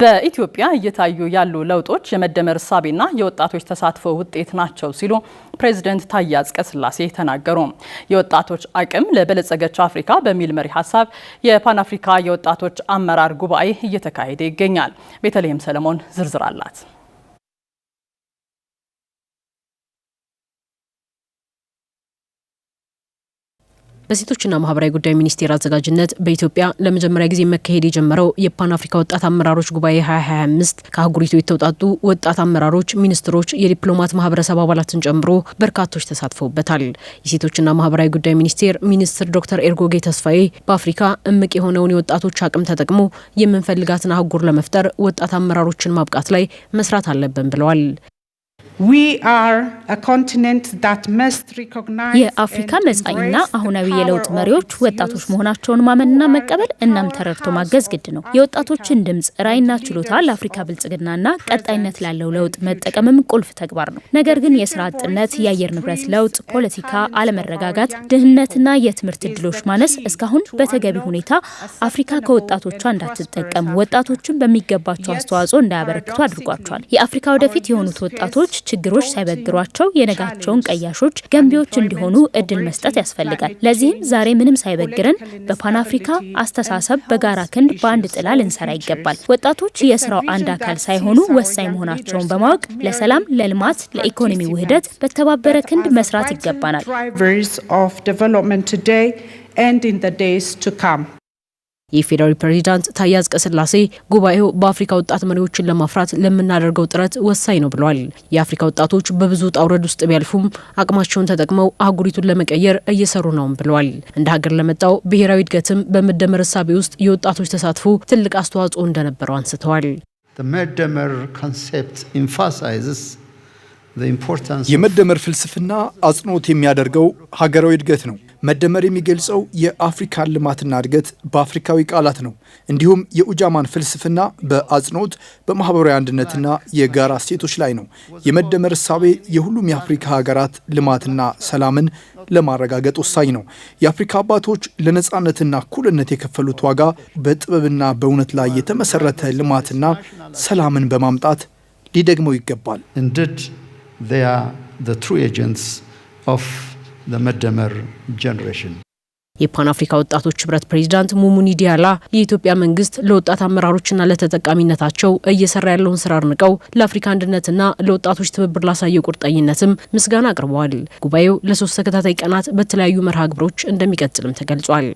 በኢትዮጵያ እየታዩ ያሉ ለውጦች የመደመር እሳቤና የወጣቶች ተሳትፎ ውጤት ናቸው ሲሉ ፕሬዚደንት ታዬ አጽቀሥላሴ ተናገሩ። የወጣቶች አቅም ለበለጸገች አፍሪካ በሚል መሪ ሀሳብ የፓን አፍሪካ የወጣቶች አመራር ጉባኤ እየተካሄደ ይገኛል። ቤተልሔም ሰለሞን ዝርዝር አላት። በሴቶችና ማህበራዊ ጉዳይ ሚኒስቴር አዘጋጅነት በኢትዮጵያ ለመጀመሪያ ጊዜ መካሄድ የጀመረው የፓን አፍሪካ ወጣት አመራሮች ጉባኤ 2025 ከአህጉሪቱ የተውጣጡ ወጣት አመራሮች፣ ሚኒስትሮች፣ የዲፕሎማት ማህበረሰብ አባላትን ጨምሮ በርካቶች ተሳትፈውበታል። የሴቶችና ማህበራዊ ጉዳይ ሚኒስቴር ሚኒስትር ዶክተር ኤርጎጌ ተስፋዬ በአፍሪካ እምቅ የሆነውን የወጣቶች አቅም ተጠቅሞ የምንፈልጋትን አህጉር ለመፍጠር ወጣት አመራሮችን ማብቃት ላይ መስራት አለብን ብለዋል። የአፍሪካ መጻኢና አሁናዊ የለውጥ መሪዎች ወጣቶች መሆናቸውን ማመንና መቀበል እናም ተረድቶ ማገዝ ግድ ነው። የወጣቶችን ድምፅ፣ ራዕይና ችሎታ ለአፍሪካ ብልጽግናና ቀጣይነት ላለው ለውጥ መጠቀምም ቁልፍ ተግባር ነው። ነገር ግን የስራ አጥነት፣ የአየር ንብረት ለውጥ፣ ፖለቲካ አለመረጋጋት፣ ድህነትና የትምህርት እድሎች ማነስ እስካሁን በተገቢ ሁኔታ አፍሪካ ከወጣቶቿ እንዳትጠቀም፣ ወጣቶችን በሚገባቸው አስተዋጽኦ እንዳያበረክቱ አድርጓቸዋል። የአፍሪካ ወደፊት የሆኑት ወጣቶች ችግሮች ሳይበግሯቸው የነጋቸውን ቀያሾች ገንቢዎች እንዲሆኑ እድል መስጠት ያስፈልጋል። ለዚህም ዛሬ ምንም ሳይበግረን በፓን አፍሪካ አስተሳሰብ በጋራ ክንድ በአንድ ጥላ ልንሰራ ይገባል። ወጣቶች የስራው አንድ አካል ሳይሆኑ ወሳኝ መሆናቸውን በማወቅ ለሰላም፣ ለልማት፣ ለኢኮኖሚ ውህደት በተባበረ ክንድ መስራት ይገባናል። የፌዴራል ፕሬዚዳንት ታዬ አጽቀሥላሴ ጉባኤው በአፍሪካ ወጣት መሪዎችን ለማፍራት ለምናደርገው ጥረት ወሳኝ ነው ብሏል። የአፍሪካ ወጣቶች በብዙ ውጣ ውረድ ውስጥ ቢያልፉም አቅማቸውን ተጠቅመው አህጉሪቱን ለመቀየር እየሰሩ ነውም ብለዋል። እንደ ሀገር ለመጣው ብሔራዊ እድገትም በመደመር እሳቤ ውስጥ የወጣቶች ተሳትፎ ትልቅ አስተዋጽኦ እንደነበረው አንስተዋል። የመደመር ፍልስፍና አጽንኦት የሚያደርገው ሀገራዊ እድገት ነው። መደመር የሚገልጸው የአፍሪካን ልማትና እድገት በአፍሪካዊ ቃላት ነው። እንዲሁም የኡጃማን ፍልስፍና በአጽንኦት በማህበራዊ አንድነትና የጋራ እሴቶች ላይ ነው። የመደመር እሳቤ የሁሉም የአፍሪካ ሀገራት ልማትና ሰላምን ለማረጋገጥ ወሳኝ ነው። የአፍሪካ አባቶች ለነፃነትና እኩልነት የከፈሉት ዋጋ በጥበብና በእውነት ላይ የተመሰረተ ልማትና ሰላምን በማምጣት ሊደግመው ይገባል። ለመደመር ጀኔሬሽን የፓን አፍሪካ ወጣቶች ህብረት ፕሬዚዳንት ሙሙኒ ዲያላ የኢትዮጵያ መንግስት ለወጣት አመራሮችና ለተጠቃሚነታቸው እየሰራ ያለውን ስራ አድንቀው ለአፍሪካ አንድነትና ለወጣቶች ትብብር ላሳየው ቁርጠኝነትም ምስጋና አቅርበዋል። ጉባኤው ለሶስት ተከታታይ ቀናት በተለያዩ መርሃ ግብሮች እንደሚቀጥልም ተገልጿል።